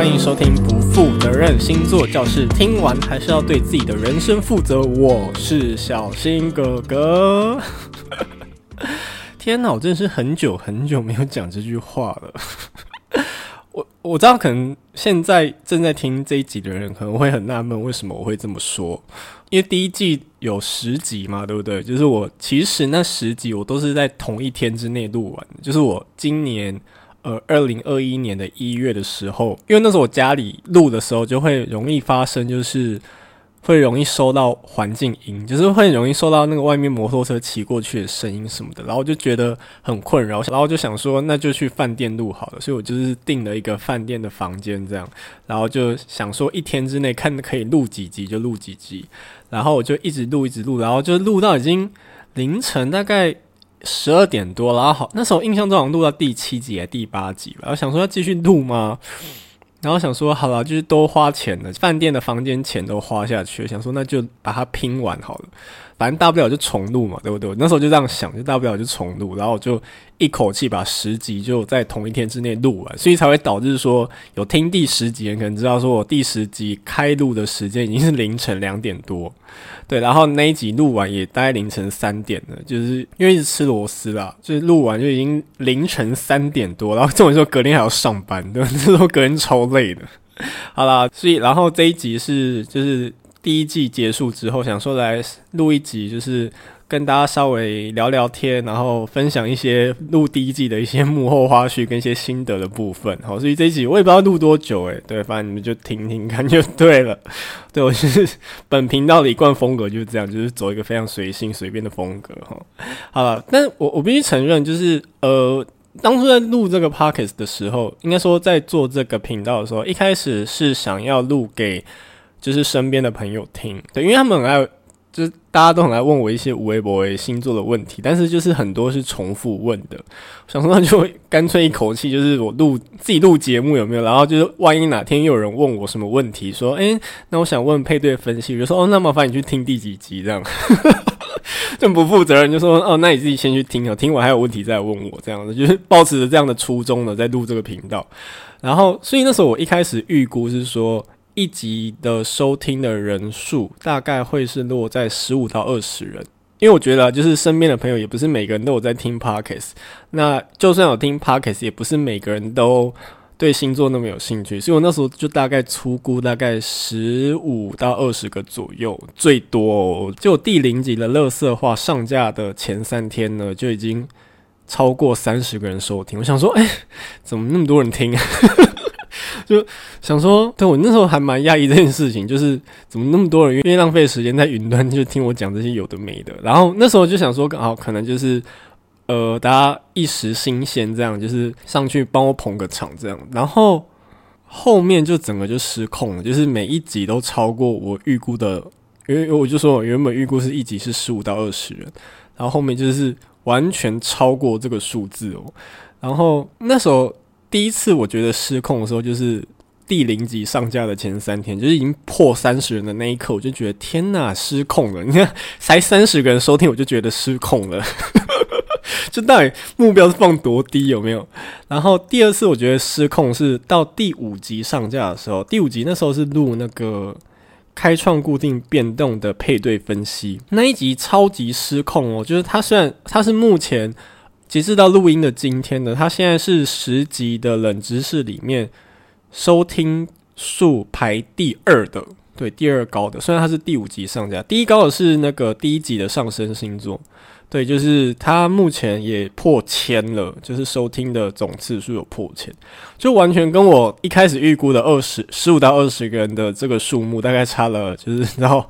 歡迎收聽不負責任星座教室，聽完還是要對自己的人生負責。我是小新哥哥。 天吶，我真的是很久很久沒有講這句話了。 我我知道，可能現在正在聽這一集的人可能會很納悶，為什麼我會這麼說？因為第一季有十集嘛，對不對？就是我其實那十集我都是在同一天之內錄完的。就是我今年。呃，二零二一年的一月的時候，因為那時候我家裡錄的時候就會容易發生，就是會容易收到環境音，就是會容易收到那個外面摩托車騎過去的聲音什麼的，然後就覺得很困擾，然後就想說那就去飯店錄好了，所以我就是訂了一個飯店的房間這樣，然後就想說一天之內看可以錄幾集就錄幾集，然後我就一直錄一直錄，然後就錄到已經凌晨大概十二點多，然後好，那時候印象中我錄到第七集、第八集吧，然後想說要繼續錄嗎？然後想說好了，就是都花錢了，飯店的房間錢都花下去了，想說那就把它拼完好了，反正大不了就重錄嘛，對不對？我那時候就這樣想，就大不了就重錄，然後我就。一口氣把十集就在同一天之內錄完，所以才會導致說有聽第十集的人可能知道，說我第十集開錄的時間已經是凌晨兩點多，對，然後那一集錄完也大概凌晨三點了，就是因為一直吃螺絲啦，就是錄完就已經凌晨三點多，然後這種時候隔天還要上班，對，這時候隔天超累的。好了，所以然後這一集是就是。第一季結束之後，想說來錄一集，就是跟大家稍微聊聊天，然後分享一些錄第一季的一些幕後花絮跟一些心得的部分。好，所以這一集我也不知道錄多久，誒，對，反正你們就聽聽看就對了。對，我就是本頻道的一貫風格就是這樣，就是走一個非常隨性、隨便的風格。哈，好了，但我我必須承認，就是呃，當初在錄這個 podcast 的時候，應該說在做這個頻道的時候，一開始是想要錄給。就是身邊的朋友聽，對，因為他們很愛，就是大家都很愛問我一些微博星座的問題，但是就是很多是重複問的。想說那就乾脆一口氣，就是我錄自己錄節目有沒有？然後就是萬一哪天又有人問我什麼問題，說，誒，那我想問配對分析，比如說，哦，那麻煩你去聽第幾集這樣， 這麼不負責任，就說，哦，那你自己先去聽，聽完還有問題再問我這樣子，就是抱持着這樣的初衷的在錄這個頻道。然後，所以那時候我一開始預估是說。一集的收聽的人數大概會是落在十五到二十人，因為我覺得就是身邊的朋友也不是每個人都有在聽 podcast 那就算有聽 podcast 也不是每個人都對星座那麼有興趣，所以我那時候就大概粗估大概十五到二十個左右，最多、喔、就第零集的樂色話上架的前三天呢就已經超過三十個人收聽，我想說，哎、欸，怎麼那麼多人聽？ 就想說，對我那時候還蠻訝異這件事情，就是怎麼那麼多人願意浪費時間在雲端，就聽我講這些有的沒的。然後那時候就想說，剛好可能就是，呃，大家一時新鮮，這樣就是上去幫我捧個場這樣。然後後面就整個就失控了，就是每一集都超過我預估的，因為我就說我原本預估是一集是十五到二十人，然後後面就是完全超過這個數字哦、喔。然後那時候。第一次我覺得失控的時候，就是第零集上架的前三天，就是已經破三十人的那一刻，我就覺得天吶，失控了！你看才三十個人收聽，我就覺得失控了。 就到底目標是放多低有沒有？然後第二次我覺得失控是到第五集上架的時候，第五集那時候是錄那個開創固定變動的配對分析那一集，超級失控哦！就是它雖然它是目前。截止到錄音的今天呢，它現在是十集的冷知識裡面收聽數排第二的，對，第二高的。雖然它是第五集上架，第一高的是那個第一集的上升星座。對，就是他目前也破千了，就是收聽的總次數有破千，就完全跟我一開始預估的二十十五到二十個人的這個數目，大概差了就是然後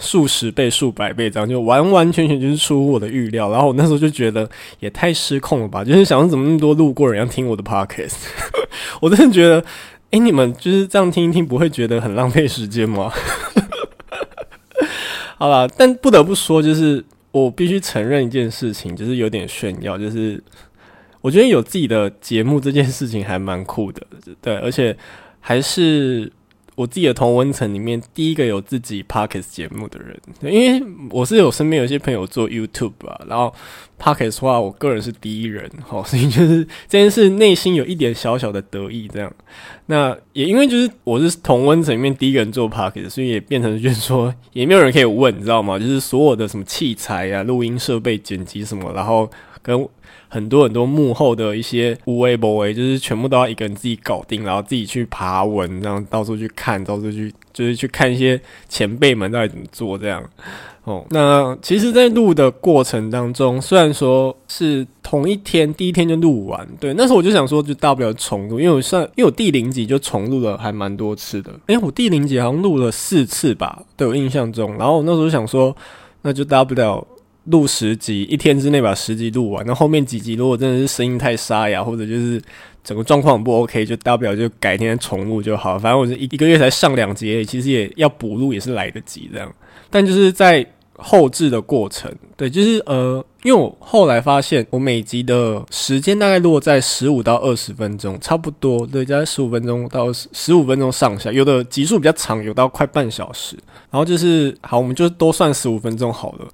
數十倍、數百倍這樣，就完完全全就是出乎我的預料。然後我那時候就覺得也太失控了吧，就是想說怎麼那麼多路過人要聽我的 podcast 我真的覺得，誒、欸，你們就是這樣聽一聽，不會覺得很浪費時間嗎？ 好了，但不得不說就是。我必須承認一件事情，就是有點炫耀，就是我覺得有自己的節目這件事情還蠻酷的，對，而且還是。我自己的同溫層裡面，第一個有自己 podcast 節目的人，因為我是有身邊有些朋友做 YouTube 啊，然後 podcast 的話，我個人是第一人，齁，所以就是這件事內心有一點小小的得意這樣。那也因為就是我是同溫層裡面第一個人做 podcast，所以也變成就是說也沒有人可以問，你知道嗎？就是所有的什麼器材啊、錄音設備、剪輯什麼，然後。跟很多很多幕後的一些無微不微，就是全部都要一個人自己搞定，然後自己去爬文，然後到處去看，到處去就是去看一些前輩們到底怎麼做這樣。哦，那其實，在錄的過程當中，雖然說是同一天，第一天就錄完，對，那時候我就想說，就大不了重錄，因為我上，因為我第零集就重錄了，還蠻多次的。誒、欸，我第零集好像錄了四次吧，對我印象中。然後我那時候想說，那就大不了。錄十集，一天之內把十集錄完，那後面幾集如果真的是聲音太沙啞，或者就是整個狀況不 OK，就大不了就改天重錄就好。反正我是一一個月才上兩節、欸，其實也要補錄也是來得及這樣。但就是在後製的過程，對，就是呃，因為我後來發現，我每集的時間大概落在十五到二十分鐘，差不多，對，大概十五分鐘到十五分鐘上下。有的集數比較長，有到快半小時，然後就是好，我們就都算十五分鐘好了。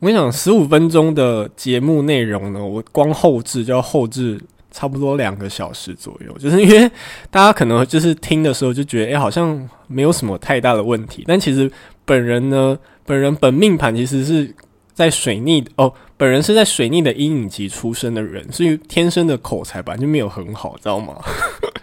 我跟你講，十五分鐘的節目內容呢，我光後製就要後製差不多兩個小時左右，就是因為大家可能就是聽的時候就覺得，哎、欸，好像沒有什麼太大的問題，但其實本人呢，本人本命盤其實是在水逆哦，本人是在水逆的陰影期出生的人，所以天生的口才吧，就沒有很好，知道嗎？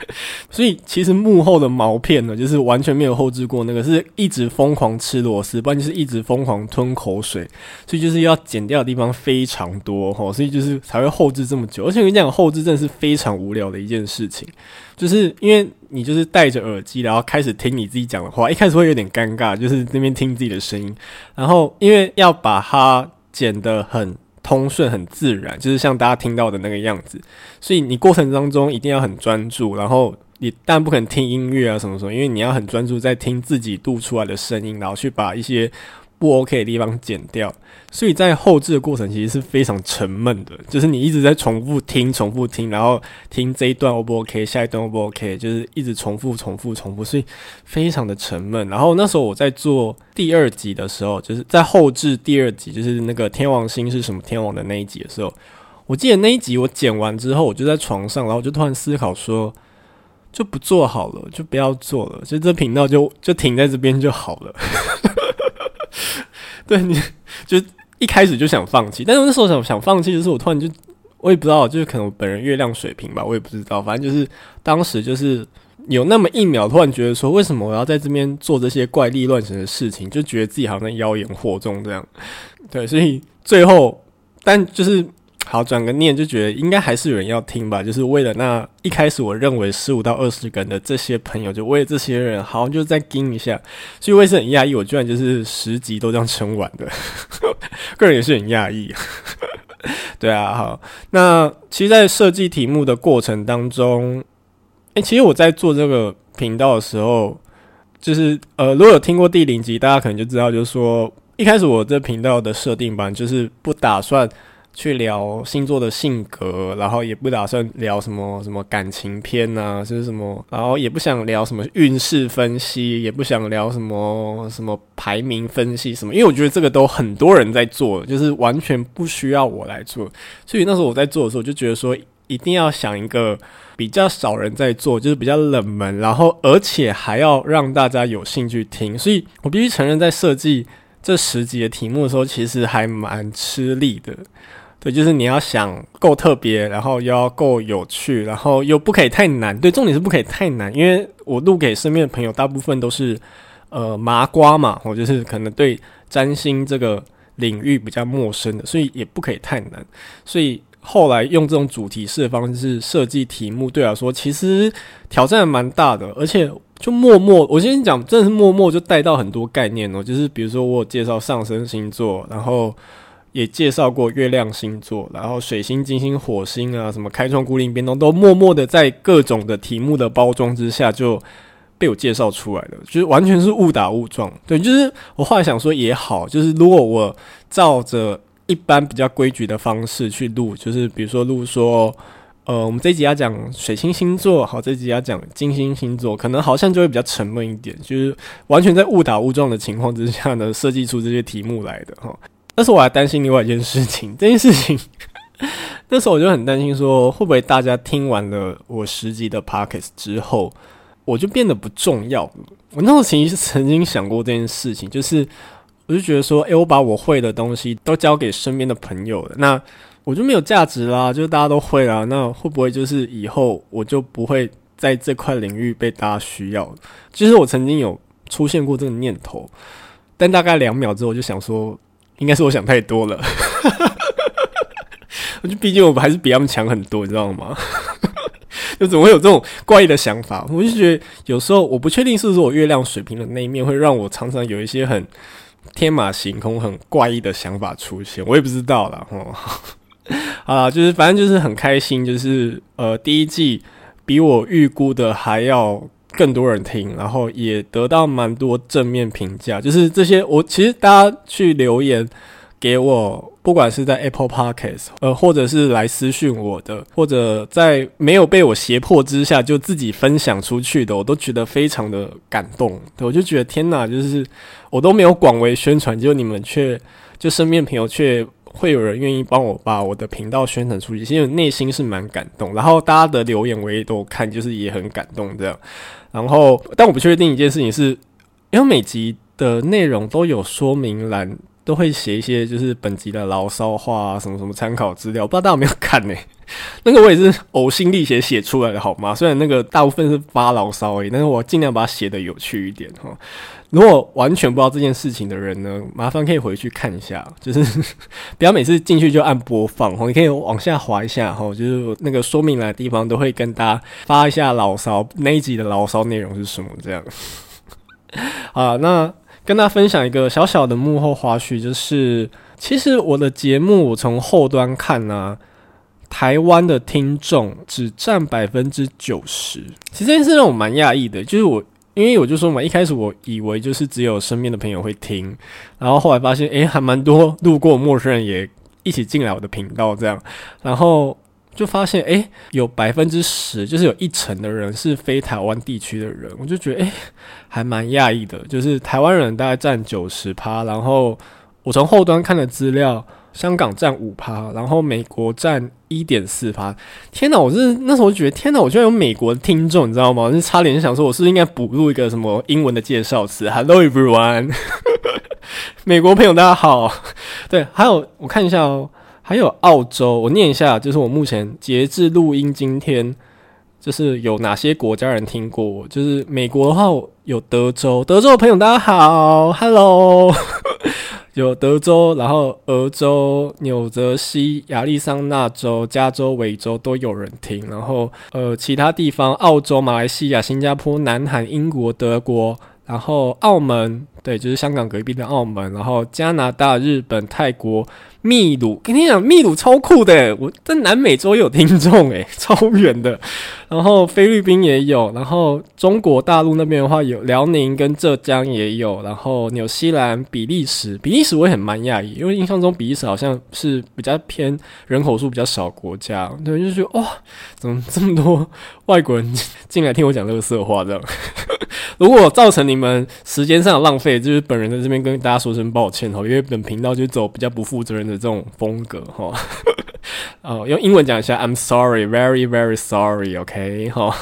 所以其實幕後的毛片呢，就是完全沒有後製過那個，是一直瘋狂吃螺絲，不然就是一直瘋狂吞口水，所以就是要剪掉的地方非常多，所以就是才會後製這麼久。而且我跟你講，後製真的是非常無聊的一件事情，就是因為你就是戴着耳機，然後開始聽你自己講的話，一開始會有點尷尬，就是那邊聽自己的聲音，然後因為要把它剪得很。通順很自然，就是像大家聽到的那個樣子。所以你過程當中一定要很專注，然後你當然不可能聽音樂啊什麼什麼，因為你要很專注在聽自己讀出來的聲音，然後去把一些。不 OK 的地方剪掉，所以在後製的過程其實是非常沉悶的，就是你一直在重複聽、重複聽，然後聽這一段好不 OK，下一段好不 OK，就是一直重複、重複、重複、重複，所以非常的沉悶。然後那時候我在做第二集的時候，就是在後製第二集，就是那個天王星是什麼天王的那一集的時候，我記得那一集我剪完之後，我就在床上，然後我就突然思考說，就不做好了，就不要做了，就這頻道就就停在這邊就好了。 對你，就一開始就想放棄，但是那時候想想放棄，就是我突然就，我也不知道，就是可能我本人月亮水平吧，我也不知道，反正就是當時就是有那麼一秒，突然覺得說，為什麼我要在這邊做這些怪力亂神的事情，就覺得自己好像妖言惑眾這樣，對，所以最後，但就是。好轉個念，就覺得應該還是有人要聽吧，就是為了那一開始我認為十五到二十個人的這些朋友，就為了這些人，好，像就再撐一下。所以我也是很訝異，我居然就是十集都這樣撐完的， 個人也是很訝異。 對啊，好，那其實，在設計題目的過程當中，誒、欸，其實我在做這個頻道的時候，就是呃，如果有聽過第零集，大家可能就知道，就是說一開始我這頻道的設定吧，就是不打算，去聊星座的性格，然後也不打算聊什麼什麼感情篇啊，就是什麼，然後也不想聊什麼運勢分析，也不想聊什麼什麼排名分析什麼，因為我覺得這個都很多人在做，就是完全不需要我來做。所以那時候我在做的時候，就覺得說一定要想一個比較少人在做，就是比較冷門，然後而且還要讓大家有興趣聽，所以我必須承認，在設計這十集的題目的時候，其實還蠻吃力的。對，就是你要想夠特別，然後又要夠有趣，然後又不可以太難。對，重點是不可以太難，因為我錄給身邊的朋友，大部分都是呃麻瓜嘛，我就是可能對占星這個領域比較陌生的，所以也不可以太難。所以後來用這種主題式的方式設計題目，對我來說其實挑戰蠻大的，而且就默默，我先講，真的是默默就帶到很多概念哦，就是比如說我有介紹上升星座，然後。也介紹過月亮星座，然後水星、金星、火星啊，什麼開創、固定變動，都默默的在各種的題目的包裝之下，就被我介紹出來了，就是完全是誤打誤撞。對，就是我後來想說也好，就是如果我照着一般比較規矩的方式去錄，就是比如說錄說，呃，我們這一集要講水星星座，好，這一集要講金星星座，可能好像就會比較沉悶一點，就是完全在誤打誤撞的情況之下呢，設計出這些題目來的哈。但是我還擔心另外一件事情，這件事情， 那時候我就很擔心說，會不會大家聽完了我十集的 Podcast 之後，我就變得不重要？我那種情緒是曾經想過這件事情，就是我就覺得說，誒、欸，我把我會的東西都交給身邊的朋友了，那我就沒有價值啦，就是、大家都會啦，那會不會就是以後我就不會在這塊領域被大家需要？其實、我曾經有出現過這個念頭，但大概兩秒之後我就想說。應該是我想太多了， 我就畢竟我們還是比他們強很多，你知道嗎？ 就總會有這種怪異的想法，我就覺得有時候我不確定是不是我月亮水瓶的那一面會讓我常常有一些很天馬行空、很怪異的想法出現，我也不知道啦，哈。啊，就是反正就是很開心，就是呃，第一季比我預估的還要。更多人聽，然後也得到蠻多正面評價。就是這些，我其實大家去留言給我，不管是在 Apple Podcast，呃，或者是來私訊我的，或者在沒有被我脅迫之下就自己分享出去的，我都覺得非常的感動。我就覺得天哪，就是我都沒有廣為宣傳，就你們卻就身邊朋友卻會有人願意幫我把我的頻道宣傳出去，其實內心是蠻感動。然後大家的留言我也都看，就是也很感動這樣。然後，但我不確定一件事情是，因為每集的內容都有說明欄，都會寫一些就是本集的牢騷話啊，什麼什麼參考資料，不知道大家有沒有看呢、欸？那個我也是嘔心瀝血寫出來的，好嗎？雖然那個大部分是發牢騷而已，但是我盡量把它寫得有趣一點哈、哦。如果完全不知道這件事情的人呢，麻煩可以回去看一下，就是呵呵不要每次進去就按播放、哦、你可以往下滑一下哈、哦，就是那個說明欄的地方都會跟大家發一下牢騷，那一集的牢騷內容是什麼這樣。啊，那跟大家分享一個小小的幕後花絮，就是其實我的節目我從後端看呢、啊。台灣的聽眾只占百分之九十，其實這件事讓我蠻訝異的。就是我，因為我就說嘛，一開始我以為就是只有身邊的朋友會聽，然後後來發現，誒，還蠻多路過陌生人也一起進來我的頻道這樣，然後就發現，誒，有百分之十，就是有一成的人是非台灣地區的人，我就覺得，誒，還蠻訝異的。就是台灣人大概占九十趴，然後我從後端看了資料。香港佔五趴，然後美國佔一點四趴。天吶，我是那時候覺得，天吶，我居然有美國的聽眾，你知道嗎？就差點想說，我是不是應該補錄一個什麼英文的介紹詞：“Hello everyone， 美國朋友大家好。”對，還有我看一下哦，還有澳洲，我念一下，就是我目前截至錄音今天，就是有哪些國家人聽過。就是美國的話，我有德州，德州的朋友大家好，Hello。 有德州，然後俄州、紐澤西、亞利桑那州、加州、維州都有人聽，然後呃，其他地方，澳洲、馬來西亞、新加坡、南韓、英國、德國。然後澳門，對，就是香港隔壁的澳門。然後加拿大、日本、泰國、秘魯，跟你講，秘魯超酷的，我在南美洲有聽眾誒，超遠的。然後菲律賓也有，然後中國大陸那邊的話有遼寧跟浙江也有。然後紐西蘭、比利時，比利時我也很蠻訝異，因為印象中比利時好像是比較偏人口數比較少國家，對，就覺得，哇、哦，怎麼這麼多外國人進來聽我講垃圾話這樣？如果造成你們時間上的浪費，就是本人在這邊跟大家說聲抱歉哈，因為本頻道就走比較不負責任的這種風格哈。哦，用英文講一下，I'm sorry, very, very sorry, OK 哈。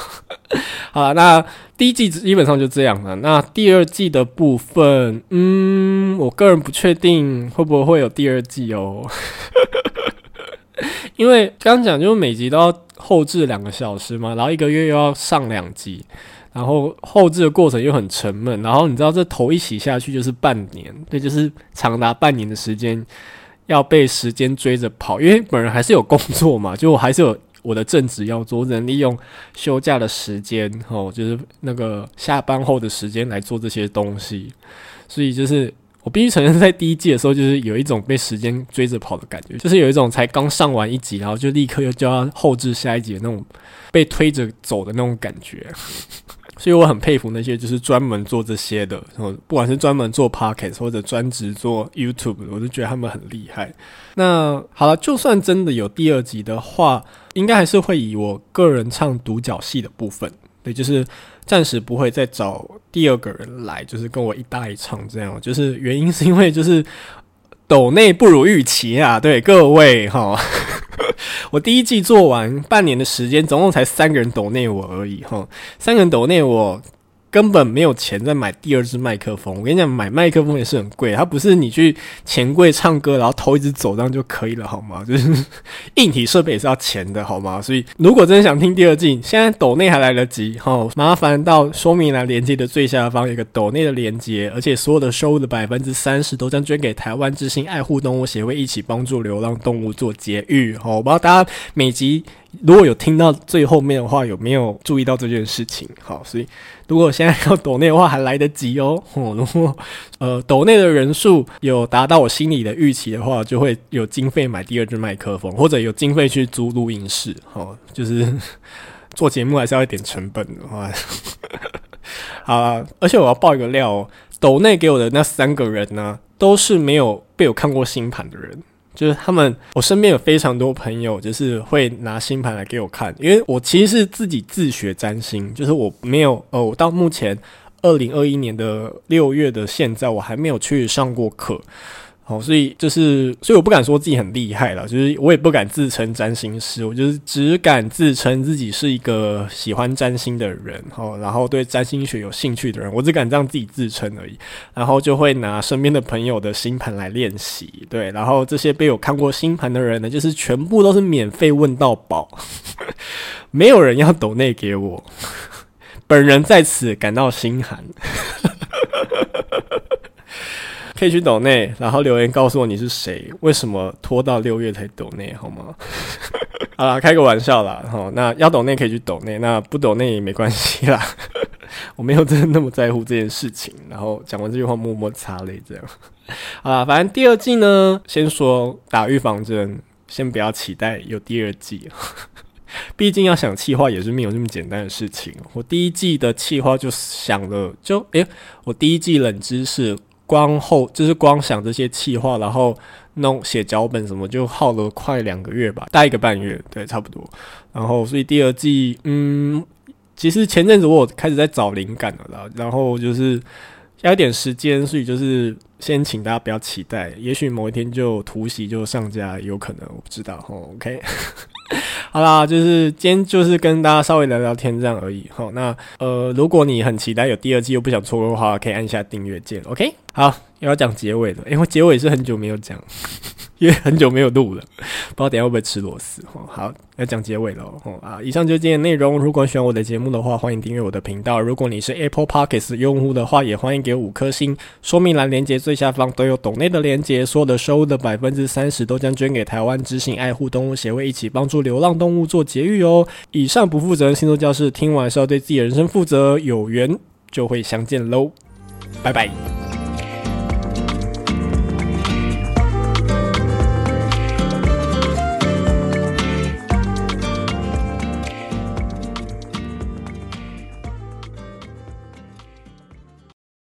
好了，那第一季基本上就這樣了。那第二季的部分，嗯，我個人不確定會不會有第二季哦、喔，因為剛剛講就是每集都要後製兩個小時嘛，然後一個月又要上兩集。然後後置的過程又很沉悶，然後你知道這頭一洗下去就是半年，對，就是長達半年的時間要被時間追着跑，因為本人還是有工作嘛，就我還是有我的正職要做，我只能利用休假的時間，哦，就是那個下班後的時間來做這些東西，所以就是我必須承認，在第一季的時候，就是有一種被時間追着跑的感覺，就是有一種才剛上完一集，然後就立刻又就要後置下一集的那種被推着走的那種感覺。 所以我很佩服那些就是專門做這些的，然後不管是專門做 podcast 或者專職做 YouTube，我就覺得他們很厲害。那好了，就算真的有第二集的話，應該還是會以我個人唱獨角戲的部分，對，就是暫時不會再找第二個人來，就是跟我一搭一唱這樣。就是原因是因為就是抖內不如預期啊，對各位哈。齁我第一季做完半年的時間，總共才三個人抖內我而已，齁，三個人抖內我。根本沒有錢再買第二支麥克風，我跟你講，買麥克風也是很貴，它不是你去錢櫃唱歌然後偷一支走，這樣就可以了，好嗎？就是硬體設備也是要錢的，好嗎？所以如果真的想聽第二季，現在斗內還來得及，哈、哦，麻煩到說明欄連接的最下方有個斗內的連接，而且所有的收入的百分之三十都將捐給台灣之心愛護動物協會，一起幫助流浪動物做節育，好、哦，我不知道大家每集。如果有聽到最後面的話，有沒有注意到這件事情？好，所以如果現在要抖內的話，還來得及哦，喔。如果呃抖內的人數有達到我心裡的預期的話，就會有經費買第二支麥克風，或者有經費去租錄音室。好，就是做節目還是要一點成本的話。啊，而且我要爆一個料喔，抖內給我的那三個人呢，都是沒有被我看過星盤的人。就是他們，我身邊有非常多朋友，就是會拿星盤來給我看，因為我其實是自己自學占星，就是我沒有，呃、哦，我到目前二零二一年的六月的現在，我還沒有去上過課。好、哦，所以就是，所以我不敢說自己很厲害了，就是我也不敢自稱占星師，我就是只敢自稱自己是一個喜歡占星的人，哦，然後對占星學有興趣的人，我只敢這樣自己自稱而已，然後就會拿身邊的朋友的星盤來練習，對，然後這些被我看過星盤的人呢，就是全部都是免費問到寶，沒有人要抖內給我，本人在此感到心寒。呵呵可以去抖內，然後留言告訴我你是誰，為什麼拖到六月才抖內，好嗎？ 好啦，開個玩笑啦。好，那要抖內可以去抖內，那不抖內也沒關係啦。 我沒有真的那麼在乎這件事情。然後講完這句話，默默擦淚，這樣。 好啦，反正第二季呢，先說打預防針，先不要期待有第二季。畢 竟要想企劃也是沒有這麼簡單的事情。我第一季的企劃就想了，就誒、欸，我第一季冷知識。光後就是光想這些企劃，然後弄寫腳本什麼，就耗了快兩個月吧，大一個半月，對，差不多。然後所以第二季，嗯，其實前陣子我開始在找靈感了啦，然後就是要一點時間，所以就是先請大家不要期待，也許某一天就突襲就上架，有可能我不知道。哦，OK， 好啦，就是今天就是跟大家稍微聊聊天這樣而已。好，那呃，如果你很期待有第二季又不想錯過的話，可以按下訂閱鍵。OK。好，又要講結尾了，因為結尾是很久沒有講，因為很久沒有錄了，不知道等下會不會吃螺絲。好，要講結尾嘍，哦。啊，以上就是今天的內容。如果喜歡我的節目的話，歡迎訂閱我的頻道。如果你是 Apple Podcasts 用戶的話，也歡迎給五顆星。說明欄連接最下方都有斗內的連接。所有的收入的百分之三十都將捐給台灣之心愛護動物協會，一起幫助流浪動物做節育哦。以上不負責任星座教室，聽完是要對自己的人生負責。有緣就會相見嘍，拜拜。